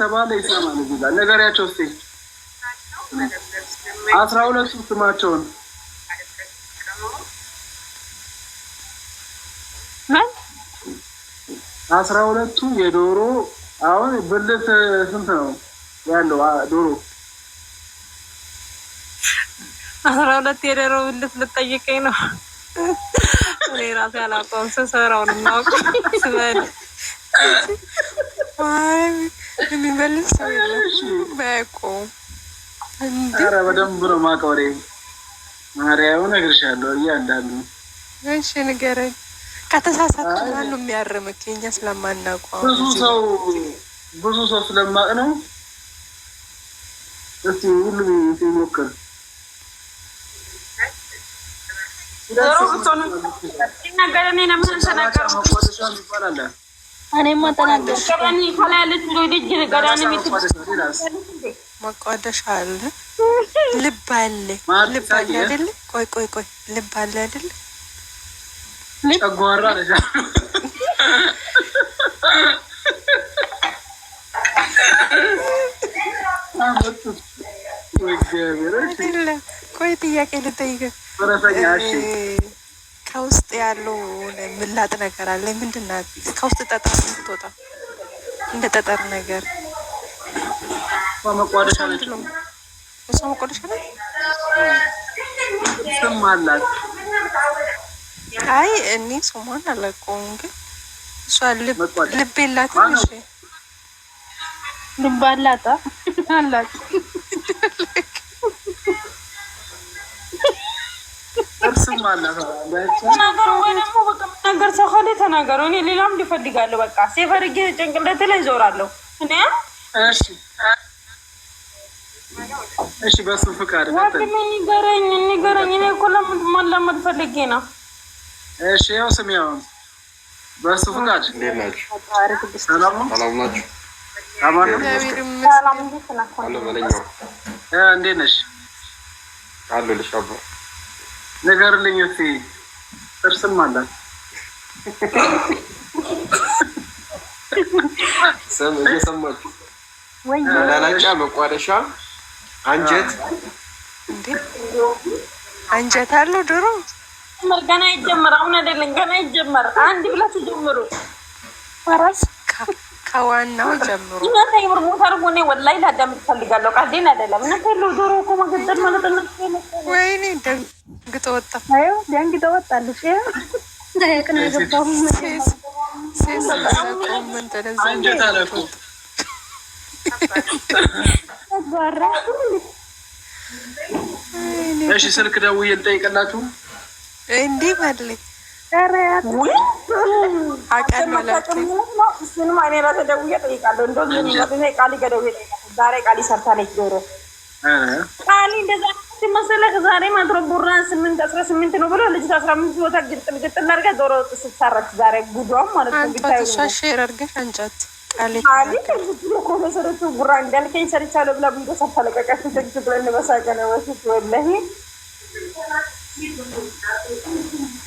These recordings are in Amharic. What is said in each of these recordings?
ሰባ ላይ ይሰማል ይላል። ነገሪያቸው እስኪ አስራ ሁለቱ ስማቸውን አስራ ሁለቱ የዶሮ አሁን ብልት ስንት ነው ያለው? ዶሮ አስራ ሁለት የዶሮ ብልት ልጠይቀኝ ነው። እኔ ራሴ አላውቀውም። ስሰራውን ማውቅ ስበል የሚመልስ ሰው የለም። አያውቀውም። ኧረ በደንብ ነው ማቀሬ ማርያም እነግርሻለሁ። እያንዳንዱ እሺ ንገረኝ። ከተሳሳቱ ማን ነው የሚያርምክ? የእኛ ስለማናውቀው ብዙ ሰው ብዙ ሰው ስለማቅ ነው። እስቲ ሁሉም ይሞክር። ይባላል እኔማ ተናገር መቋደሻ አለ፣ ልብ አለ፣ ልብ አለ አይደለ? ቆይ ቆይ ቆይ፣ ልብ አለ አይደለ? ጨጓራ አይደለ? ቆይ ጥያቄ ልጠይቅ ከውስጥ ያለው ምላጥ ነገር አለ። ምንድና ከውስጥ ጠጠር የምትወጣ እንደ ጠጠር ነገር መቋደሻ እሷ መቋደሻ ናት። ስም አላት። አይ እኔ ስሟን አላውቀውም፣ ግን እሷ ልብ የላትም። እሺ ልብ አላት አላት ነገር ሰው ካለ ተናገረው። እኔ ሌላም እንዲፈልጋለሁ በቃ ሴፈርጌ ጭንቅላት ላይ ዞራለሁ እኔ እሺ በሱ ፍቃድ ወንድሜ ንገረኝ ንገረኝ። እኔ እኮ ለማላመድ ፈልጌ ነው። እሺ ያው ስም ያው በሱ ፍቃድ እንዴት ነሽ? አለሁልሽ አባ ንገርልኝ እስኪ እርስም አላት። ስም እየሰማችሁ መላላጫ፣ መቋረሻ አንጀት አንጀት አለ ድሮ ገና ይጀምር። አሁን አይደለም ገና ይጀምር። አንድ ብላችሁ ጀምሩ። ከዋናው ጀምሮ እናንተ የምር ቦታ አድርጎ እኔ ወላሂ ላዳምጥ እፈልጋለሁ። ቃልዴን አይደለም እናንተ ያለው ዶሮ እኮ መገደል ማለት ነው። ወይኔ ደንግጦ ወጣ፣ ደንግጦ ወጣለች። ቅና እሺ፣ ስልክ ደውዬ ልጠይቅላችሁ እንዲህ ባለኝ እሱንም እኔ እራሴ ደውዬ እጠይቃለሁ። እንደውም ቃሊ ገደውዬ ዛሬ ማትሮ ቡራ ስምንት አስራ ስምንት ነው ብሎ ልጅ አስራ አምስት ቦታ ግጥም ግጥም አድርጋ ዶሮ ስትሰራች ዛሬ ጉዷም ማለት ነው። ቢታሻሽር አድርገሽ አንጫት ኮመሰረቱ ጉራ እንዳልከኝ ሰርቻለሁ ብላ ቢዶ ሳታለቀቀች ትግት ብለን በሳቀ ነው ወላሂ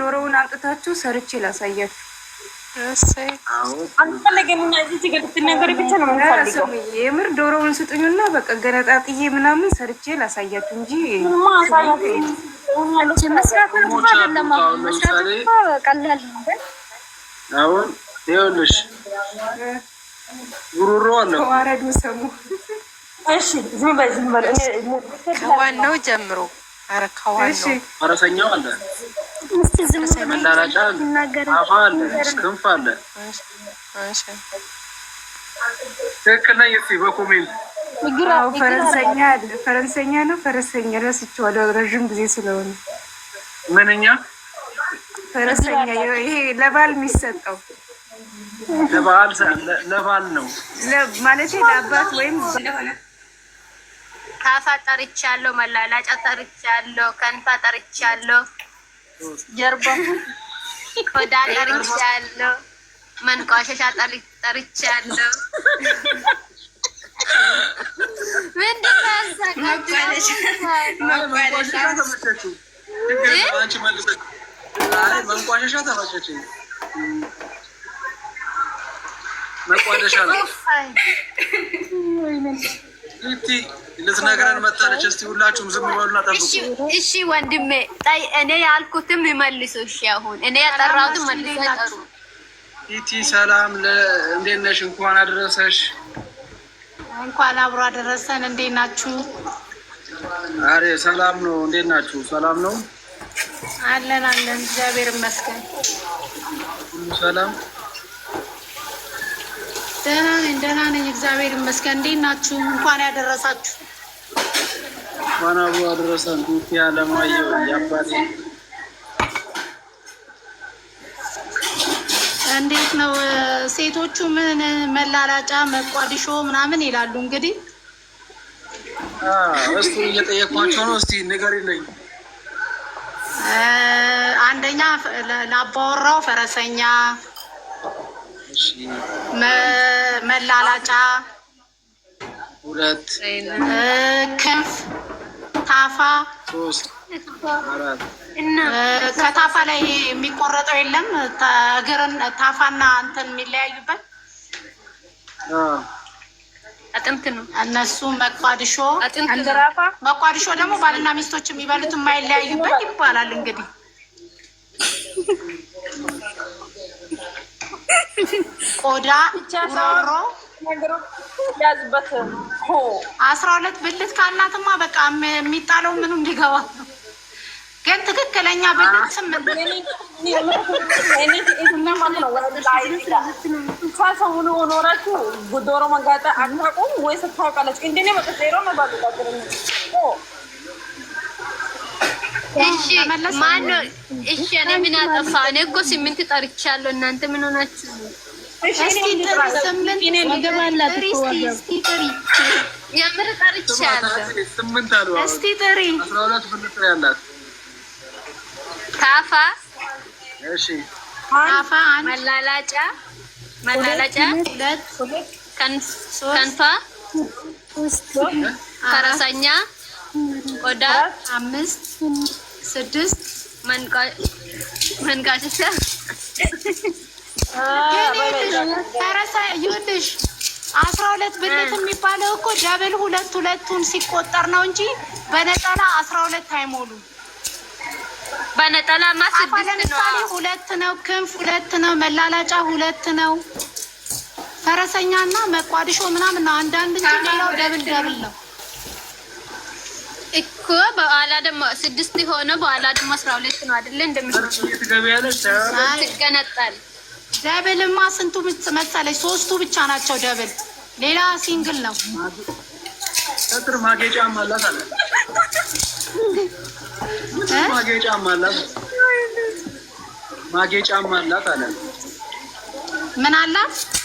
ዶሮውን አምጥታችሁ ሰርቼ ላሳያችሁ። የምር ዶሮውን ስጡኝና በቃ ገነጣጥዬ ምናምን ሰርቼ ላሳያችሁ እንጂ አሁን ይኸውልሽ ጉሮሮ አለ ዋረዱ ሰሙ። እሺ ዝም በል ዝም በል ከዋናው ጀምሮ ፈረሰኛው አለ፣ መላላጫ አለ፣ አፋ አለ፣ ክንፍ አለ። ትክክል ነኝ። እስኪ በኮሜንት ፈረንሰኛ አለ። ፈረንሰኛ ነው ፈረሰኛ ረስቼዋለሁ፣ ረዥም ጊዜ ስለሆነ ምንኛ ፈረሰኛ። ይሄ ለባል የሚሰጠው ለባል ነው ማለት ለአባት ወይም ታፋ ጠርቻለሁ፣ መላላጫ ጠርቻለሁ፣ ከንፋ ጠርቻለሁ፣ ጀርባ ቆዳ ጠርቻለሁ፣ መንቋሸሻ ጠርቻለሁ። ምንድን ነው መንቋሸሻ ተመቸችኝ። መቋደሻ ነው ልትነግረን መታለች። እስቲ ሁላችሁም ዝም በሉና ጠብቁ። እሺ ወንድሜ፣ እኔ ያልኩትም ይመልሱ። እሺ አሁን እኔ ያጠራሁትም መልሱ ኢቲ ሰላም፣ እንዴት ነሽ? እንኳን አደረሰሽ። እንኳን አብሮ አደረሰን። እንዴት ናችሁ? አሬ ሰላም ነው። እንዴት ናችሁ? ሰላም ነው። አለን አለን፣ እግዚአብሔር ይመስገን። ሁሉ ሰላም ደህና ነኝ፣ ደህና ነኝ፣ እግዚአብሔር ይመስገን። እንዴት ናችሁ? እንኳን ያደረሳችሁ። እንኳን አብሮ አደረሰን። ዱቲ አለማየሁ ያባቴ እንዴት ነው? ሴቶቹ ምን መላላጫ መቋዲሾ ምናምን ይላሉ። እንግዲህ እስቲ እየጠየኳቸው ነው። እስቲ ንገር ይለኝ አንደኛ ላባወራው ፈረሰኛ መላላጫ፣ ሁለት ክንፍ፣ ታፋ ከታፋ ላይ የሚቆረጠው የለም። እግርን ታፋና እንትን የሚለያዩበት አጥንት ነው። እነሱ መቋድሾ መቋድሾ ደግሞ ባልና ሚስቶች የሚበሉት የማይለያዩበት ይባላል እንግዲህ ቆዳ ሮሮ ያዝበት አስራ ሁለት ብልት ከአናትማ በቃ የሚጣለው ምኑ እንዲገባ ግን ትክክለኛ ብልት ስምንት ሰውን ኖራችሁ ጉዶሮ መጋጠ ወይ ስታውቃለች እንደኔ አታውቁም ወይስ ታውቃላችሁ? እሺ ማነው? እሺ እኔ ምን አጠፋ? እኔ እኮ ስምንት ጠርቻለሁ። እናንተ ምን ሆናችሁ? የምር ጠርቻለሁ። እስቲ ጥሪ ካፋ ካፋ መላላጫ መላላጫ ከንቷ ፈረሰኛ ቆዳ አምስት ስድስት መንጋጨሻ ይኸውልሽ አስራ ሁለት ብልት የሚባለው እኮ ደብል ሁለት ሁለቱን ሲቆጠር ነው እንጂ በነጠላ አስራ ሁለት አይሞሉም። በነጠላማ ስድስት ነው። ሁለት ነው ክንፍ ሁለት ነው መላላጫ ሁለት ነው ፈረሰኛና መቋድሾ ምናምን ነው አንዳንድ እንጂ ሌላው ደብል ደብል ነው። እኮ በኋላ ደግሞ ስድስት የሆነ በኋላ ደግሞ አስራ ሁለት ነው አይደለ? ትገነጣል። ደብልማ ስንቱ መሰለች? ሶስቱ ብቻ ናቸው ደብል፣ ሌላ ሲንግል ነው። ማጌጫ ምን አላት?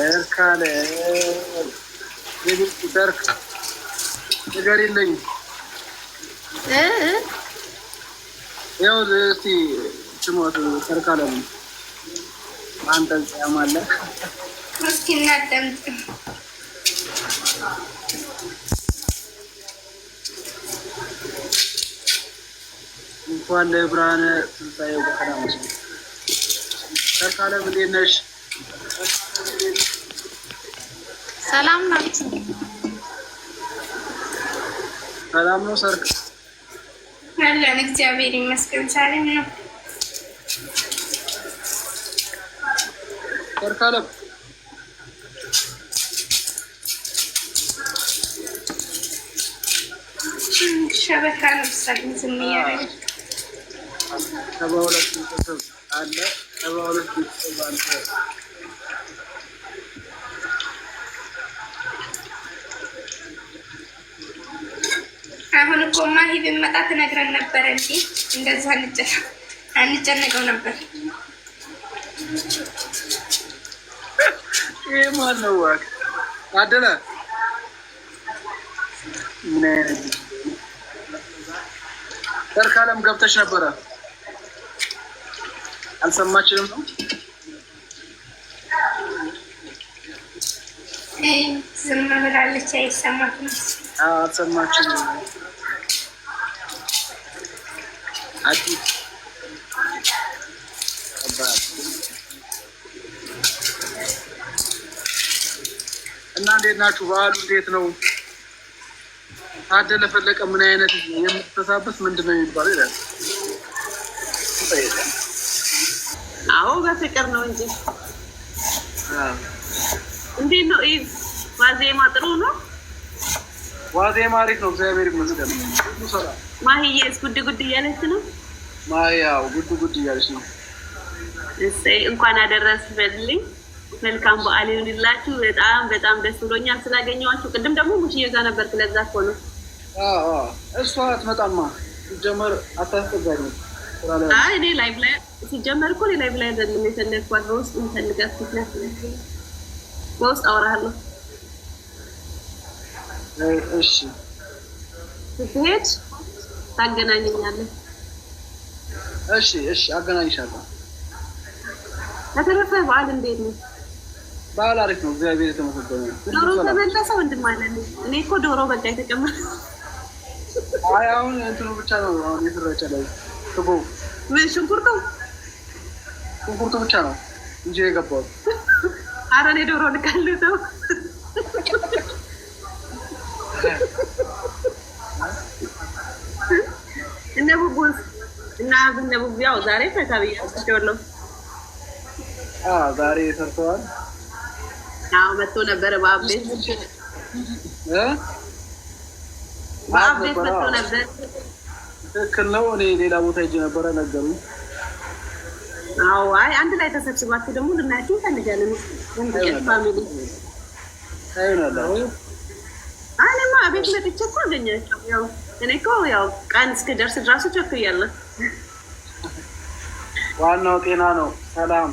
እርካለ ደርካ ነገር የለኝም። ያው እስኪ ስሞት እርካለ አንተ እንኳን ለብርሃነ ትንሣኤው በሰላም አደረሰን። ሰርካለም እንዴት ነሽ? ሰላም ናችሁ? ሰላም ነው። ሰርክ አለን። እግዚአብሔር ይመስገን ሰላም ነው። ሰርካለም ሸበካ ነው። ሳግኝ ዝም እያደረገች ሰባ ሁለት ቤተሰብ አለ። ሰባ ሁለት ቤተሰብ አንተ አሁን እኮ ማሂ ብመጣ ትነግረን ነበር እንጂ እንደዛ አንጨነቀው ነበር። ይህ ማነው አደለ? ምን አይነት ሰርካለም ገብተሽ ነበረ? አልሰማችንም ነው። እና እንዴት ናችሁ? በዓሉ እንዴት ነው? ታደለ ፈለቀ ምን አይነት የምትተሳበት ምንድን ነው የሚባለው ይላል አዎ በፍቅር ነው እንጂ እንዴት ነው ኢድ ዋዜማ ጥሩ ነው ዋዜማ አሪፍ ነው እግዚአብሔር ይመስገን ማህዬስ ጉድ ጉድ እያለች ነው ማያው ጉድ ጉድ እያለች ነው እሰይ እንኳን አደረስ በልልኝ መልካም በዓል ይሁንላችሁ በጣም በጣም ደስ ብሎኛል ስላገኘዋችሁ ቅድም ደግሞ ሙሽዬ ጋር ነበር ስለዛ እኮ ነው እሷ አትመጣማ ጀመር አታስጠጋኝ እኔ ላይቭ ላይ ሲጀመር እኮ እኔ ላይቭ ላይ አይደለም የፈለግኳት በውስጥ የምፈልጋት ምክንያት በውስጥ አወራለሁ። እሺ ስትሄድ ታገናኘኛለህ። እሺ እሺ፣ አገናኝሻለሁ። በተረፈ በዓል እንዴት ነው? በዓል አሪፍ ነው፣ እግዚአብሔር የተመሰገነ ነው። ዶሮ ተመለሰ ወንድም አለ። እኔ እኮ ዶሮ በቃ የተቀመጠ አይ፣ አሁን እንትኑ ብቻ ነው አሁን የተረጨ ላይ ሽቦ ምን ሽንኩርቱ ሽንኩርቱ ብቻ ነው እንጂ የገባው። ኧረ እኔ ዶሮ ልካለሁ ተው። እነ ቡቡስ እና እነ ቡቡ ያው ዛሬ ፈታ ብያቸዋለሁ። ዛሬ ሰርተዋል። አዎ መጥቶ ነበረ። በአብቤት በአብቤት መጥቶ ነበር። ትክክል ነው። እኔ ሌላ ቦታ ሄጄ ነበረ ነገሩ። አዎ፣ አይ አንድ ላይ ተሰብስባችሁ ደግሞ ልናያችሁ እንፈልጋለን። ፋሚሊ እኔማ ቤት መጥቼ እኮ አገኛቸው። ያው እኔ እኮ ያው ቀን እስክደርስ እራሱ ቸኩያለሁ። ዋናው ጤና ነው። ሰላም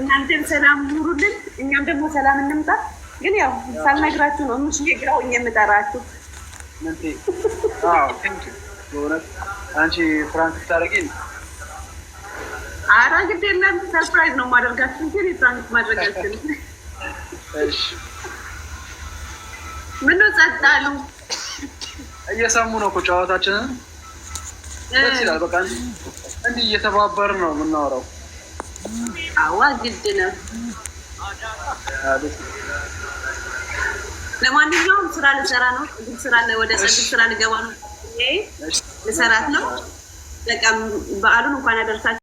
እናንተም ሰላም ኑሩልን፣ እኛም ደግሞ ሰላም እንምጣ። ግን ያው ሳልነግራችሁ ነው ምሽ የግራውኝ የምጠራችሁ አንቺ ፍራንክ ታደርጊ? ኧረ ግድ የለም ሰርፕራይዝ ነው ማደርጋችሁ እንጂ ፍራንክ ማድረግ አልችልም። ምነው ጸጥ አሉ? እየሰሙ ነው እኮ ጨዋታችንን። ደስ ይላል። በቃ እንዲህ እየተባበር ነው የምናወራው። አዋ ግድ ነው። ለማንኛውም ስራ ልሰራ ነው። ፀጉር ስራ ለ ወደ ፀጉር ስራ ልገባ ነው። ልሰራት ነው። በቃ በዓሉን እንኳን ያደርሳችሁ።